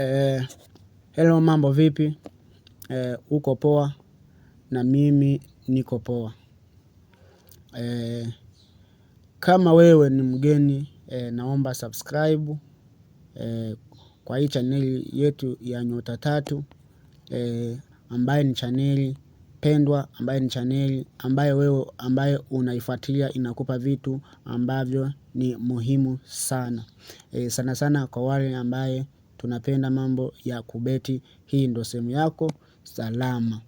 Eh, hello mambo vipi? Eh, uko poa na mimi niko poa. Eh, kama wewe ni mgeni eh, naomba subscribe eh, kwa hii chaneli yetu ya Nyota Tatu eh, ambaye ni chaneli pendwa ambaye ni chaneli ambaye wewe ambaye unaifuatilia inakupa vitu ambavyo ni muhimu sana. Eh, sana sana kwa wale ambaye tunapenda mambo ya kubeti. Hii ndo sehemu yako salama.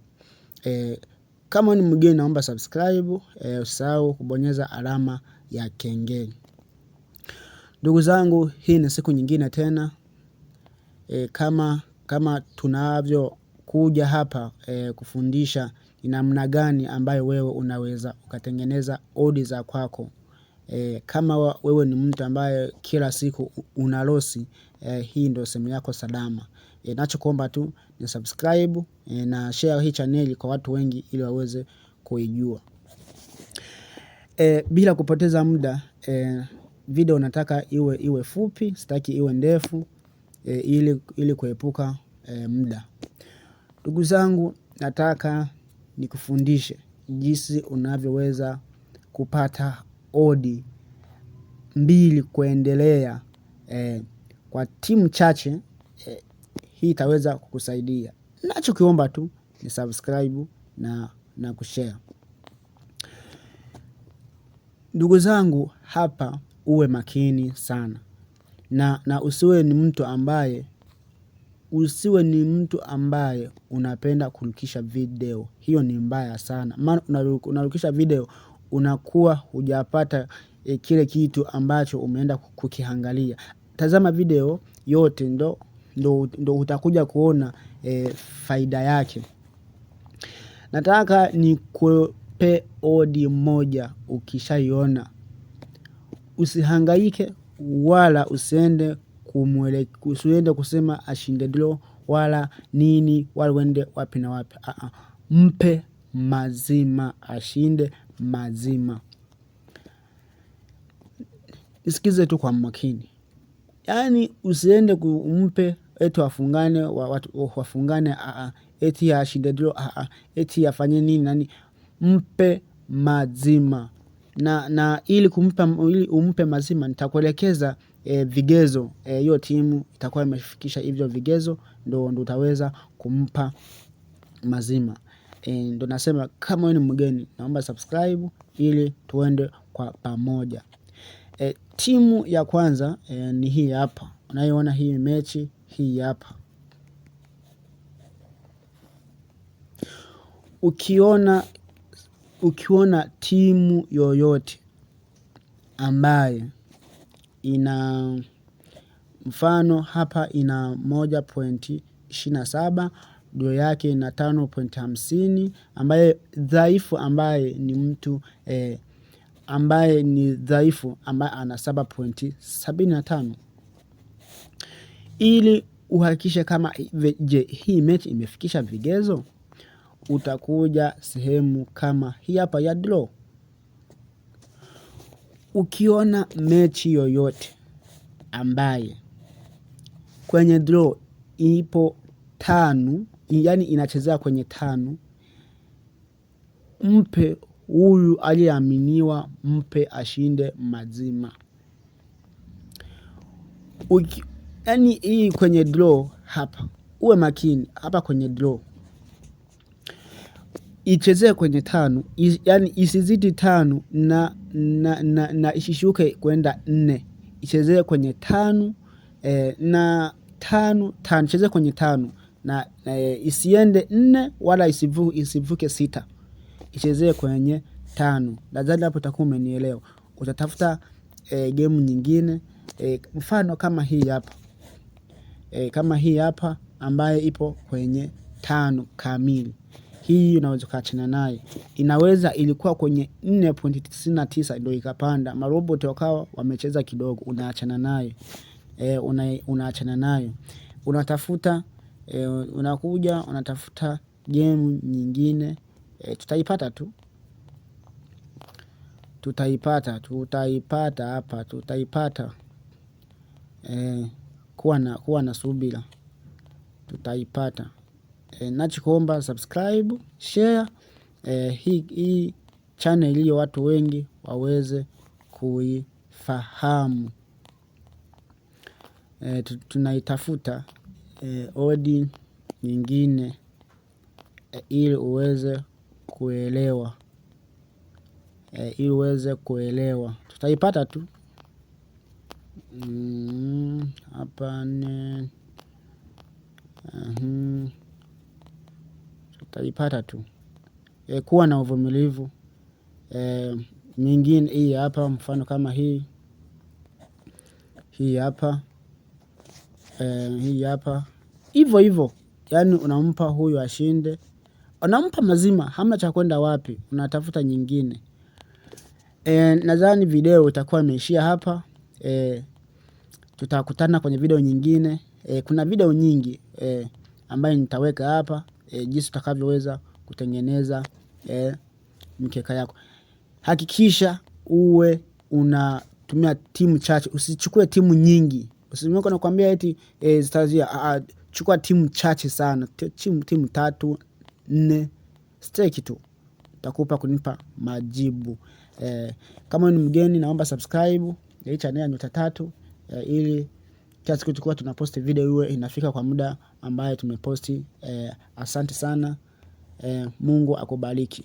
E, kama ni mgeni naomba subscribe, e, usahau kubonyeza alama ya kengele. Ndugu zangu, hii ni siku nyingine tena. E, kama kama tunavyokuja hapa kufundisha ni namna gani ambayo wewe unaweza ukatengeneza odi za kwako. Kama wewe ni mtu ambaye kila siku unalosi eh, hii ndio simu yako salama. Ninachokuomba eh, tu ni subscribe eh, na share hii chaneli kwa watu wengi ili waweze kuijua. Eh, bila kupoteza muda, video nataka iwe iwe fupi, sitaki iwe ndefu ili ili kuepuka muda. Ndugu zangu, nataka nikufundishe jinsi unavyoweza kupata odi mbili kuendelea kwa timu chache eh, hii itaweza kukusaidia. Nachokiomba tu ni subscribe na, na kushare. Ndugu zangu, hapa uwe makini sana na, na usiwe ni mtu ambaye usiwe ni mtu ambaye unapenda kurukisha video. Hiyo ni mbaya sana, maana unarukisha video unakuwa hujapata e, kile kitu ambacho umeenda kukiangalia tazama video yote ndo, ndo, ndo utakuja kuona e, faida yake. Nataka nikupe odi moja, ukishaiona usihangaike wala usiende kumwele, usiende kusema ashinde dilo wala nini wala uende wapi na wapi. Aa, mpe mazima, ashinde mazima. Nisikize tu kwa makini yani usiende kumpe eti wafungane wafungane aa, eti ashinde dilo aa, eti afanye nini nani, mpe mazima na, na ili kumpa ili umpe mazima nitakuelekeza e, vigezo e, hiyo e, timu itakuwa imefikisha hivyo vigezo, ndo ndo utaweza kumpa mazima e, ndo nasema kama wewe ni mgeni, naomba subscribe ili tuende kwa pamoja. E, timu ya kwanza e, ni hii hapa unayoona hii mechi hii hapa. Ukiona, ukiona timu yoyote ambaye ina mfano hapa ina moja pointi ishirini na saba goli yake ina tano pointi hamsini ambaye dhaifu ambaye ni mtu eh, ambaye ni dhaifu ambaye ana saba pointi sabini na tano ili uhakikishe kama je, hii mechi imefikisha vigezo, utakuja sehemu kama hii hapa ya draw. Ukiona mechi yoyote ambaye kwenye draw ipo tano, yani inachezea kwenye tano, mpe huyu aliyeaminiwa mpe ashinde mazima. Uki, yani hii kwenye draw hapa, uwe makini hapa kwenye draw, ichezee kwenye tano is, yani isizidi tano na, na, na, na isishuke kwenda nne, ichezee kwenye tano e, na tano tano, ichezee kwenye tano na e, isiende nne wala isivuke sita ichezee kwenye tano. Nadhani hapo utakuwa umenielewa. Utatafuta eh, e, gemu nyingine e, mfano kama hii hapa e, kama hii hapa ambayo ipo kwenye tano kamili hii unaweza ukaachana naye. Inaweza ilikuwa kwenye 4.99 ndio ikapanda, maroboti wakawa wamecheza kidogo, unaachana naye e, una, unaachana nayo unatafuta e, unakuja unatafuta gemu nyingine e, tutaipata tu tutaipata tutaipata hapa tutaipata e, kuwa na, kuwa na subira tutaipata e, eh, nachikuomba subscribe share e, hii hii channel hiyo watu wengi waweze kuifahamu e, tunaitafuta e, odi nyingine e, ili uweze kuelewa e, ili uweze kuelewa, tutaipata tu mm, hapa -huh. tutaipata tu. E, kuwa na uvumilivu. E, mingine hii hapa mfano kama hii hii hapa e, hii hapa hivyo hivyo, yaani unampa huyu ashinde. Unampa mazima, hamna cha kwenda wapi, unatafuta nyingine. E, nadhani video itakuwa imeishia hapa. E, tutakutana kwenye video nyingine. E, kuna video nyingi e, ambayo nitaweka hapa e, jinsi utakavyoweza kutengeneza e, mkeka yako. Hakikisha uwe unatumia timu chache, usichukue timu nyingi. Usimweka nakwambia eti e, zitazia. Chukua timu chache sana, timu, timu tatu nne steki tu takupa kunipa majibu eh. Kama ni mgeni, naomba subscribe hii channel ya nyota tatu eh, ili kila siku tukiwa tunaposti video iwe inafika kwa muda ambaye tumeposti eh. Asante sana eh, Mungu akubariki.